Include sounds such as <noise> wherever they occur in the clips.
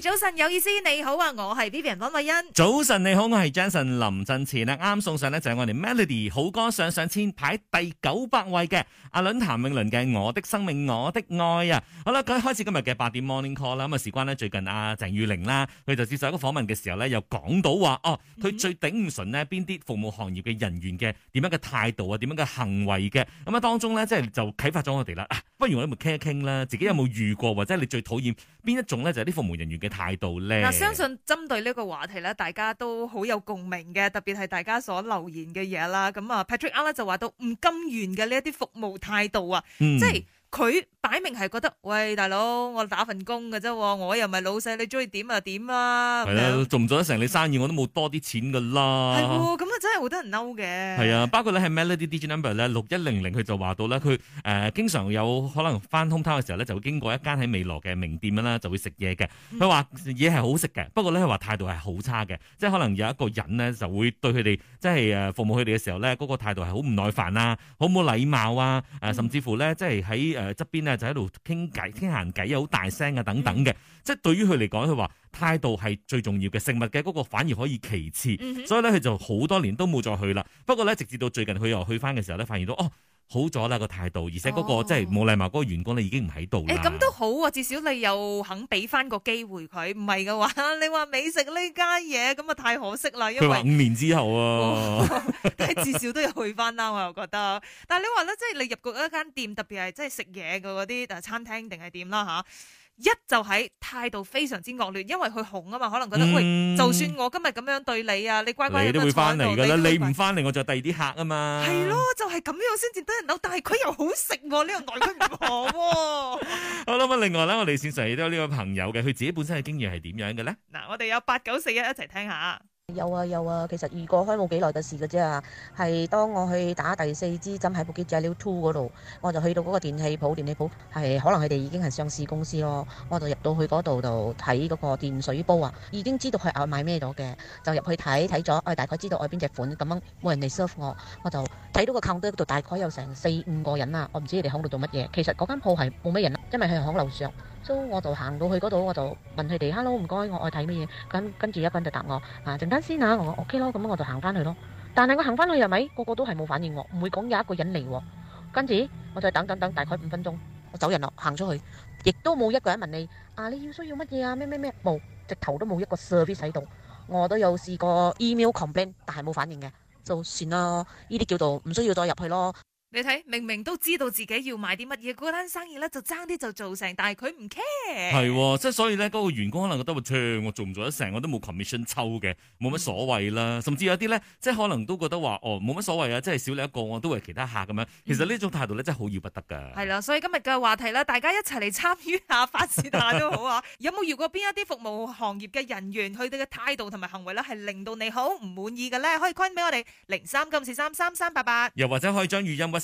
早晨有意思，你好啊，我係 Vivian 溫慧欣。早晨你好，我係 Jason 林振前啊，啱送上呢，就係我哋 Melody 好歌上上籤排第九百位嘅阿倫譚詠麟嘅《我的生命我的愛》啊。好啦，咁開始今日嘅八點 Morning Call 啦。咁啊，事關呢，最近阿鄭裕玲啦，佢就接受一個訪問嘅時候呢，又講到話哦，佢最頂唔順呢邊啲服務行業嘅人員嘅點樣嘅態度啊，點樣嘅行為嘅，咁啊當中呢，即係就啟發咗我哋啦、啊。不如我哋咪傾一傾啦，自己有冇遇過或者你最討厭邊一種呢？就係啲服務人員。嘅態度咧，嗱，相信針對呢個話題咧，大家都好有共鳴嘅，特別係大家所留言嘅嘢啦。咁啊，Patrick 啱咧就話到唔甘願嘅呢一啲服務態度啊，嗯、即係。佢擺明係覺得，喂大佬，我打份工㗎啫，我又唔係老細，你中、啊、的意點啊點啦。 <laughs> 」係啦，做唔做得成你生意，我都冇多啲錢㗎啦。係喎，咁啊真係好得人嬲嘅。係啊，包括咧係 Melody Digital Number 咧六一零零，佢就話到咧，佢誒、呃、經常有可能翻 home town 嘅時候咧，就會經過一間喺美羅嘅名店啦，就會食嘢嘅。佢話嘢係好食嘅，不過咧佢話態度係好差嘅，即係可能有一個人咧就會對佢哋，即係誒服務佢哋嘅時候咧，嗰、那個態度係好唔耐煩啊，好冇禮貌啊、呃，甚至乎咧即係喺誒側邊咧就喺度傾偈傾閒偈，又好大聲啊等等嘅，即係對於佢嚟講，佢話態度係最重要嘅，食物嘅嗰個反而可以其次，所以咧佢就好多年都冇再去啦。不過咧，直至到最近佢又去返嘅時候咧，發現到哦。好咗啦個態度，而且嗰、那個、哦、即係冇禮貌嗰、那個員工你已經唔喺度誒，咁都、欸、好啊，至少你又肯俾翻個機會佢。唔係嘅話，你話美食呢間嘢咁啊太可惜啦。佢話五年之後啊，係 <laughs> <laughs> 至少都要回去翻啦、啊， <laughs> 我又覺得。但係你話咧，即係你入過一間店，特別係即係食嘢嘅嗰啲誒餐廳定係點啦吓？啊一就喺態度非常之惡劣，因為佢紅啊嘛，可能覺得、嗯、喂，就算我今日咁樣對你啊，你乖乖，你都會翻嚟㗎喇。你唔翻嚟，我就第二啲客啊嘛。係咯，就係、是、咁樣先至得人扭，但係佢又好食，呢個奈佢唔何喎。 <laughs> 好啦，咁另外呢，我哋線上亦都有呢個朋友嘅，佢自己本身嘅經驗係點樣嘅咧？嗱，我哋有八九四一一齊聽下。有啊有啊，其實如果開冇幾耐嘅事嘅啫啊，係當我去打第四支針喺部機仔 L two 嗰度，我就去到嗰個電器鋪電器鋪係可能佢哋已經係上市公司咯，我就入到去嗰度度睇嗰個電水煲啊，已經知道佢嗌買咩咗嘅，就入去睇睇咗，我大概知道我邊隻款咁樣，冇人嚟 serve 我，我就睇到個 counter 嗰度大概有成四五個人啊，我唔知佢哋響度做乜嘢，其實嗰間鋪係冇乜人，因為佢響樓上。租、so，我就行到去嗰度，我就問佢哋，hello，唔該，我愛睇乜嘢？咁跟住一個人就答我，啊，陣間先啊，我話 O K 咯，咁、OK、我就行翻去咯。但係我行翻去又咪個個都係冇反應喎？唔會講有一個人嚟喎。跟住我再等等等大概五分鐘，我走人咯，行出去，亦都冇一個人問你，啊，你要需要乜嘢啊？咩咩咩，冇，直頭都冇一個 service 喺度。我都有試過 email complain 但係冇反應嘅，就算啦。呢啲叫做唔需要再入去咯。你睇明明都知道自己要買啲乜嘢，嗰、那、單、個、生意咧就爭啲就做成，但係佢唔 care。係、哦，即係所以咧，嗰個員工可能覺得我，我做唔做得成，我都冇 commission 抽嘅，冇乜所謂啦。嗯、甚至有啲咧，即係可能都覺得話，哦，冇乜所謂啊，即係少你一個我都係其他客咁樣。其實呢種態度呢，嗯、真係好要不得噶。係啦、哦，所以今日嘅話題啦大家一齊嚟參與下發泄下都好啊。 <laughs> 有冇遇過邊一啲服務行業嘅人員佢哋嘅態度同埋行為咧係令到你好唔滿意嘅咧？可以 call 俾我哋零三九四三三三八八，又或者可以將語音。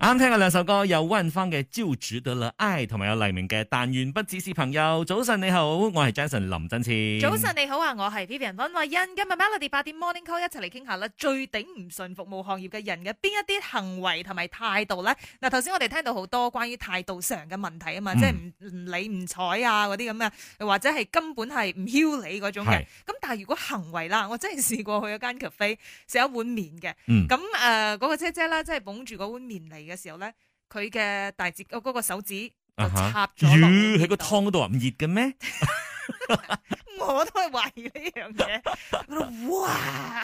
啱聽嘅兩首歌，有溫芳嘅招主得了哎，同埋有黎明嘅但願不只是朋友。早晨你好，我係 Jason 林振前。早晨你好啊，我係 Vivian 溫慧欣。今日 Melody 八點 Morning Call 一齊嚟傾下啦，最頂唔順服務行業嘅人嘅邊一啲行為同埋態度咧？嗱，頭先我哋聽到好多關於態度上嘅問題啊嘛，嗯、即係唔理唔睬啊嗰啲咁嘅，或者係根本係唔要你嗰種嘅。咁是但係，如果行為啦，我真係試過去一間咖啡食一碗麵嘅，咁誒嗰個姐姐啦，即係捧住嗰碗麵嚟嘅時候咧，佢嘅大指嗰嗰個手指插咗落喺個湯嗰度啊！唔熱嘅咩？我都係懷疑呢樣嘢。哇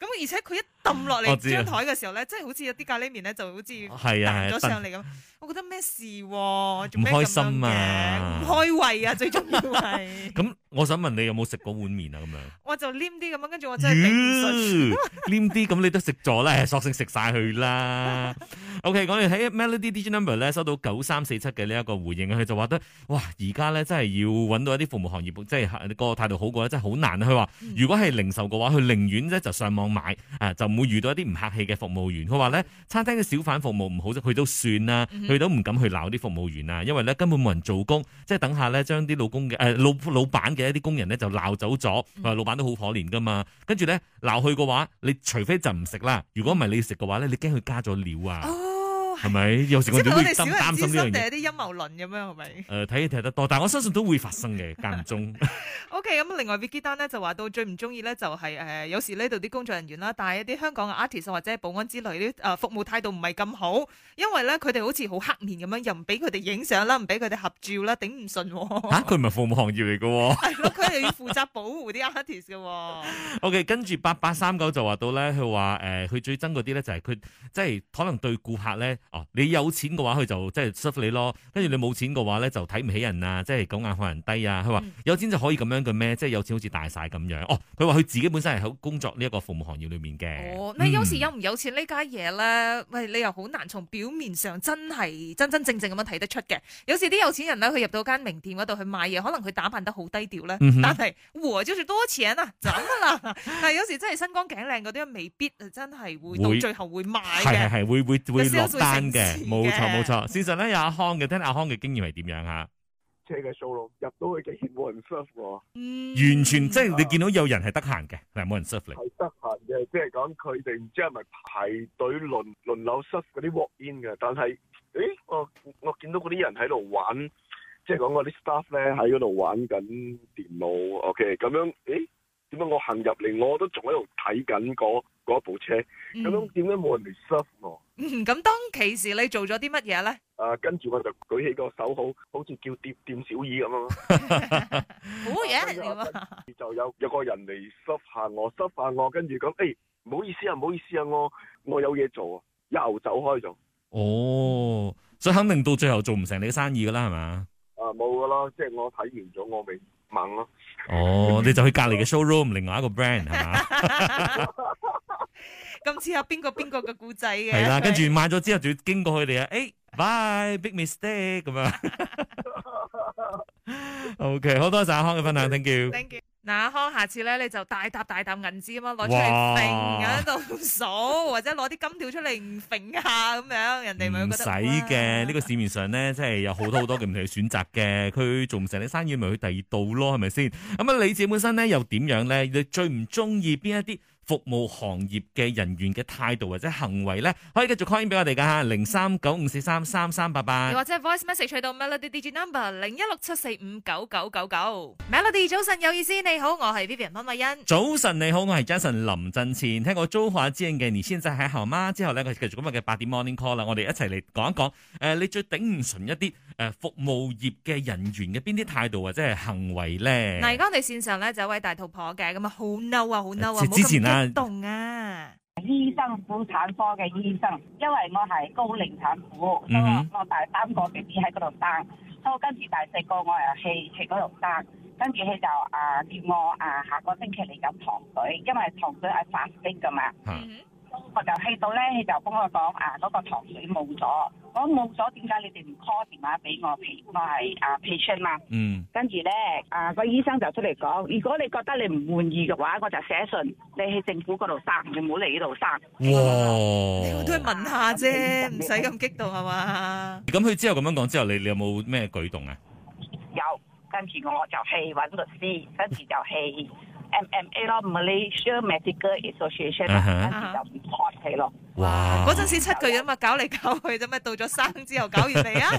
咁，而且佢一抌落嚟張台嘅時候咧，真係好似有啲咖喱麵咧，就好似彈咗上嚟咁。我覺得咩事？唔開心啊！唔開胃啊，最重要係。咁我想問你有冇食過碗麵啊？咁樣我就黏啲咁樣，跟住我真係黏啲。黏啲咁你都食咗啦，索性食晒佢啦。O.K.，講完喺 Melody Digital Number 咧收到九三四七嘅呢一個回應，佢就話得，哇！而家咧真係要揾到一啲服務行業，即係個態度好過真係好難。佢話如果係零售嘅話，佢寧願咧就上網買，啊就唔會遇到一啲唔客氣嘅服務員。佢話咧餐廳嘅小販服務唔好，佢都算啦，佢都唔敢去鬧啲服務員啊，因為咧根本冇人做工，即係等下咧將啲老工嘅、呃、老老闆嘅一啲工人咧就鬧走咗，話老闆都好可憐噶嘛。跟住咧鬧佢嘅話，你除非就唔食啦。如果唔係，你要食嘅話你驚佢加咗料啊！係咪有時我哋小人之心？定係啲陰謀論咁樣？係咪？誒、呃，睇嘢睇得多，但我相信都會發生嘅間中。O K，咁另外 Vicky 單咧就話到最唔中意咧就係、是、誒、呃，有時呢度啲工作人員啦，但係一啲香港嘅 artist 或者保安之類啲誒服務態度唔係咁好，因為咧佢哋好似好黑面咁樣，又唔俾佢哋影相啦，唔俾佢哋合照啦，頂唔順。吓、啊，佢唔係服務行業嚟嘅、哦，係 <laughs> 咯？佢哋要負責保護啲 artist 嘅。O K，跟住八八三九就話到咧，佢話誒，佢、呃、最憎嗰啲咧就係佢即係可能對顧客咧。哦，你有錢嘅話，佢就即係 serve 你咯；跟住你冇錢嘅話咧，就睇唔起人啊，即係狗眼看人低啊。佢話、嗯、有錢就可以咁樣嘅咩？即、就、係、是、有錢好似大晒咁樣。哦，佢話佢自己本身係喺工作呢一個服務行業裏面嘅。哦，你有時有唔有錢呢家嘢咧？喂、嗯哎、你又好難從表面上真係真真正正咁樣睇得出嘅。有時啲有錢人咧，佢入到間名店嗰度去買嘢，可能佢打扮得好低調咧，嗯、哼但係哇，就住多錢啊，就咁、是、啦。 <laughs> 但係有時真係身光頸靚嗰啲，未必真係會到會最後會買嘅。係係係，會會會落嘅，冇錯冇錯。事實咧有阿康嘅，聽阿康嘅經驗係點樣吓？車嘅數路入到去嘅，冇人 serve 我。嗯，完全即係你見到有人係得閒嘅，係冇、啊、人 serve 你。係得閒嘅，即係講佢哋唔知係咪排隊輪輪流 serve 嗰啲 walk in 嘅。但係誒、欸，我我見到嗰啲人喺度玩，即係講嗰啲 staff 咧喺嗰度玩緊電腦。OK，咁樣誒，點、欸、解我行入嚟，我都仲喺度睇緊嗰？嗰部車，咁樣點解冇人嚟 serve 我？咁、嗯、當其時你做咗啲乜嘢咧？啊，跟住我就舉起個手號，好好似叫掂掂小二咁 <laughs> 啊，冇嘢啊，就有有個人嚟 serve 下我，serve 下我， <laughs> 啊、跟住講誒，唔、 <laughs> 啊欸、好意思啊，唔好意思啊，我我有嘢做啊，又走開咗。哦，所以肯定到最後做唔成你嘅生意噶啦，係咪？啊，冇噶啦，即、就、係、是、我睇完咗，我咪掹咯。哦，你就去隔籬嘅 show room， <laughs> 另外一個 brand 係嘛？ <laughs> 今次阿邊個邊個嘅故仔嘅，係啦，跟住買咗之後就要經過佢哋啊，誒，哎，Bye，Big Mistake 咁樣。OK，好多謝阿康嘅分享，Thank you。Thank you。嗱，阿康，下次咧你就大沓大沓銀紙咁樣攞出嚟揈啊，喺度數或者攞啲金條出嚟揈下咁樣，人哋唔使嘅。呢個市面上咧，即係有好多好多嘅唔同嘅選擇嘅。佢做唔成啲生意咪去第二度咯，係咪先？咁啊，你自己本身咧又點樣咧？你最唔中意邊一啲？服務行業嘅人員嘅態度或者行為咧，可以繼續 call in 俾我哋噶吓，零三九五四三三三八八，或者 voice message 去到 Melody 的 number 零一六七四五九九九九。Melody 早晨，有意思，你好，我係 Vivian 方慧欣。早晨你好，我係 Jason 林振前。聽過《中華之音》嘅年先仔喺後媽之後咧，我哋繼續今日嘅八點 morning call 啦。我哋一齊嚟講一講，誒，你最頂唔順一啲誒，服務業嘅人員嘅邊啲態度或者係行為咧？嗱，而家我哋線上咧就有位大肚婆嘅，咁啊好嬲啊，好嬲啊！即係之前啦。凍啊！醫生，婦產科嘅醫生，因為我係高齡產婦，我我第三個 BB 喺嗰度生，所咁跟住第四個我又去去嗰度生，跟住佢就啊叫我啊下個星期嚟飲糖水，因為糖水係化冰噶嘛。嗯我就氣到咧，他就幫我講啊，嗰、那個糖水冇咗，我冇咗點解你哋唔 call 電話俾我？譬如我係啊 patient 嘛，嗯，跟住咧啊、那個醫生就出嚟講，如果你覺得你唔滿意嘅話，我就寫信，你喺政府嗰度生，你唔好嚟呢度生。哇！哇你都係問下啫，唔使咁激動係嘛？咁佢之後咁樣講之後，你你有冇咩舉動啊？有，跟住我就氣揾律師，跟住就氣。 <laughs> MMA 咯，Malaysia Medical Association，跟住就唔妥佢咯。哇、huh, uh！嗰陣時七個人嘛，搞嚟搞去啫嘛，到咗生之後搞完未啊？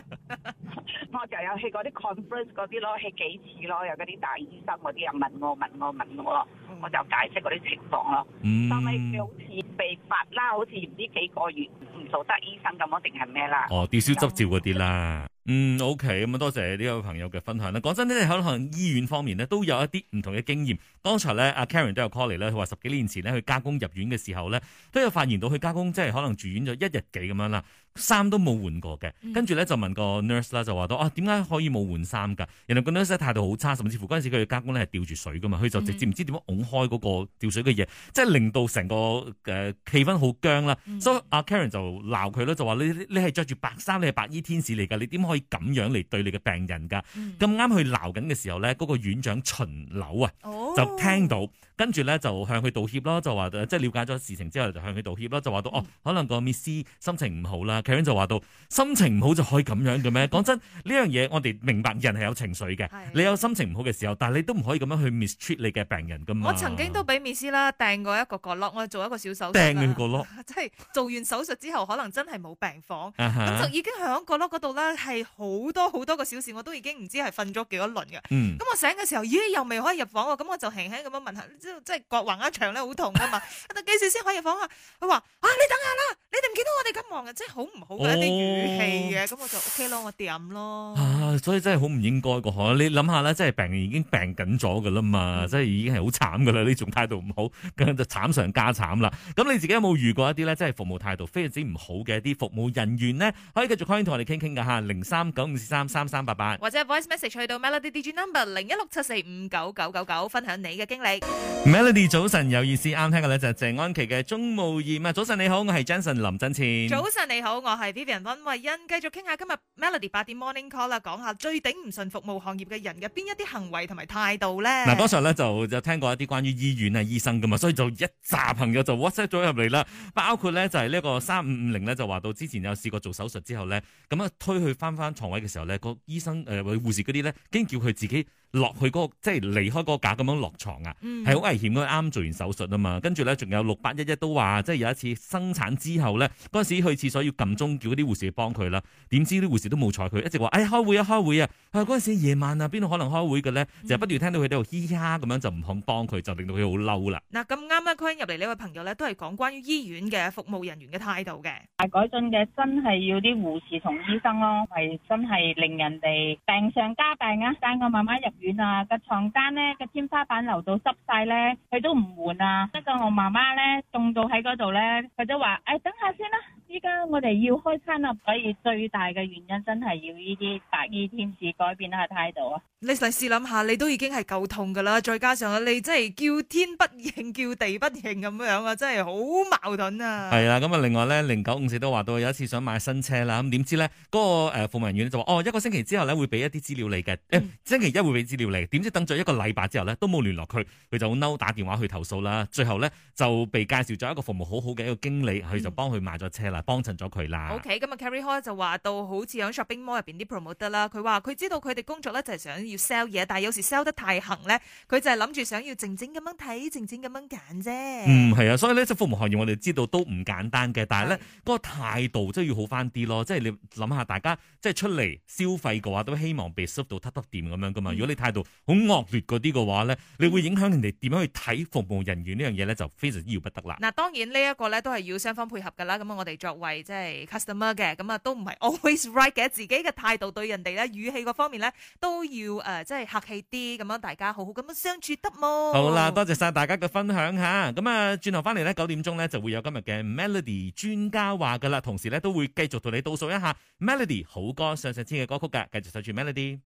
我就有去嗰啲 conference 嗰啲咯，去幾次咯，有嗰啲大醫生嗰啲又問我問我問我，我就解釋嗰啲情況咯。Mm hmm. 但係佢好似被罰啦，好似唔知幾個月唔做得醫生咁，我定係咩啦？哦，吊銷執照嗰啲啦。嗯嗯，OK，咁啊，多謝呢個朋友嘅分享啦。講真咧，喺可能醫院方面咧，都有一啲唔同嘅經驗。剛才咧，阿 Karen 都有 call 嚟咧，佢話十幾年前咧，佢家公入院嘅時候咧，都有發現到佢家公即係可能住院咗一日幾咁樣啦。衫都冇換過嘅，跟住咧就問個 nurse 啦，就話到啊，點解可以冇換衫噶？原來個 nurse 咧態度好差，甚至乎嗰陣時佢嘅家公咧係吊住水噶嘛，佢就直接唔知點樣拱開嗰個吊水嘅嘢，嗯、即係令到成個誒氣、呃、氛好僵啦。嗯、所以阿 Karen 就鬧佢咧，就話你你係着住白衫，你係白、白衣天使嚟噶，你點可以咁樣嚟對你嘅病人噶？咁啱佢鬧緊嘅時候咧，嗰、嗰個院長巡樓啊，就聽到。哦跟住咧就向佢道歉囉。就話即係了解咗事情之後就向佢道歉囉。就話到、嗯、哦，可能個 miss 心情唔好啦。Karen 就話到心情唔好就可以咁樣嘅咩？講 <laughs> 真呢樣嘢，我哋明白人係有情緒嘅，是你有心情唔好嘅時候，但係你都唔可以咁樣去 mistreat 你嘅病人㗎嘛。我曾經都俾 miss 啦掟過一個角落，我做一個小手術掟完角落，即係 <laughs> 做完手術之後，可能真係冇病房，咁、uh huh、就已經喺角落嗰度啦，係好多好多個小時，我都已經唔知係瞓咗幾多輪嘅。咁、嗯、我醒嘅時候，咦？又未可以入房喎，咁我就輕輕咁樣問下。即係割橫一場咧，好痛噶嘛，等幾時先可以放下？佢話啊，你等下啦！你哋唔見到我哋咁忙嘅？真係好唔好嘅一啲語氣嘅。咁、哦、我就 OK 咯，我掂咯、啊。所以真係好唔應該噶。你諗下啦，即係病人已經病緊咗噶啦嘛，即係已經係好慘噶啦！呢種態度唔好，咁就慘上加慘啦。咁你自己有冇遇過一啲咧？即係服務態度非常之唔好嘅一啲服務人員呢？可以繼續歡迎同我哋傾傾噶吓，零三九五三三三八八，或者 Voice Message 去到 Melody DJ Number 零一六七四五九九九九，99 99, 分享你嘅經歷。Melody 早晨，有意思啱聽嘅咧，就謝安琪嘅鍾無艷啊。早晨你好，我係 Jason 林振前。早晨你好，我係 Vivian 溫慧欣。繼續傾下今日 Melody 八點 Morning Call 啦，講下最頂唔順服務行業嘅人嘅邊一啲行為同埋態度咧。嗱、啊，剛才咧就有聽過一啲關於醫院啊醫生噶嘛，所以就一紮朋友就 WhatsApp 咗入嚟啦。嗯、包括咧就係、是、呢個三五五零咧就話到之前有試過做手術之後咧，咁啊，推去翻翻床位嘅時候咧，個醫生誒護、呃、士嗰啲咧竟然叫佢自己。落去嗰、嗰個即係離開嗰個架咁樣落床啊，係好危險嘅，啱做完手術啊嘛。跟住咧，仲有六百一一都話，即係有一次生產之後咧，嗰陣時去廁所要撳鐘，叫嗰啲護士幫佢啦。點知啲護士都冇睬佢，一直話：哎，開會啊，開會啊！啊，嗰陣時夜晚啊，邊度可能開會嘅咧？嗯、就不斷聽到佢喺度咿呀咁樣，就唔肯幫佢，就令到佢好嬲啦。嗱，咁啱啱入嚟呢位朋友咧，都係講關於醫院嘅服務人員嘅態度嘅，係改進嘅，真係要啲護士同醫生咯、啊，係真係令人哋病上加病啊！但我慢慢入。院啊，個床單咧，個天花板流到濕晒咧，佢都唔換啊。不過我媽媽咧，凍到喺嗰度咧，佢都話：哎，等下先啦。依家我哋要開餐啦，所以最大嘅原因真係要呢啲白衣天使改變下態度啊！你實試諗下，你都已經係夠痛噶啦，再加上你真係叫天不應，叫地不應咁樣啊，真係好矛盾啊！係啦咁啊，另外咧，零九五四都話到有一次想買新車啦，咁點知咧嗰個誒服務人員就話哦，一個星期之後咧會俾一啲資料你嘅，誒星期一會俾資料你，點知等咗一個禮拜之後咧都冇聯絡佢，佢就好嬲打電話去投訴啦，最後咧就被介紹咗一個服務好好嘅一個經理，佢就幫佢買咗車啦。幫襯咗佢啦。O K，咁啊，Carrie Hall 就話到好似喺 shopping mall 入邊啲 promoter 啦。佢話佢知道佢哋工作咧就係想要 sell 嘢，但係有時 sell 得太行咧，佢就係諗住想要靜靜咁樣睇，靜靜咁樣揀啫。嗯，係啊，所以咧，即係服務行業我哋知道都唔簡單嘅，但係咧嗰個態度即係要好翻啲咯。即、就、係、是、你諗下，大家即係出嚟消費嘅話，都希望被 s,、嗯、S, 被 s 收到得得掂咁樣噶嘛。如果你態度好惡劣嗰啲嘅話咧，嗯、你會影響人哋點樣去睇服務人員呢樣嘢咧，就非常之要不得啦。嗱、啊，當然這個呢一個咧都係要雙方配合噶啦。咁我哋作為即係 customer 嘅，咁啊都唔係 always right 嘅，自己嘅態度對人哋咧，語氣嗰方面咧，都要誒即係客氣啲，咁樣大家好好咁樣相處得冇？好啦，多謝晒大家嘅分享吓，咁啊轉頭翻嚟咧九點鐘咧就會有今日嘅 Melody 專家話噶啦，同時咧都會繼續同你倒數一下 Melody 好歌上上天嘅歌曲噶，繼續守住 Melody。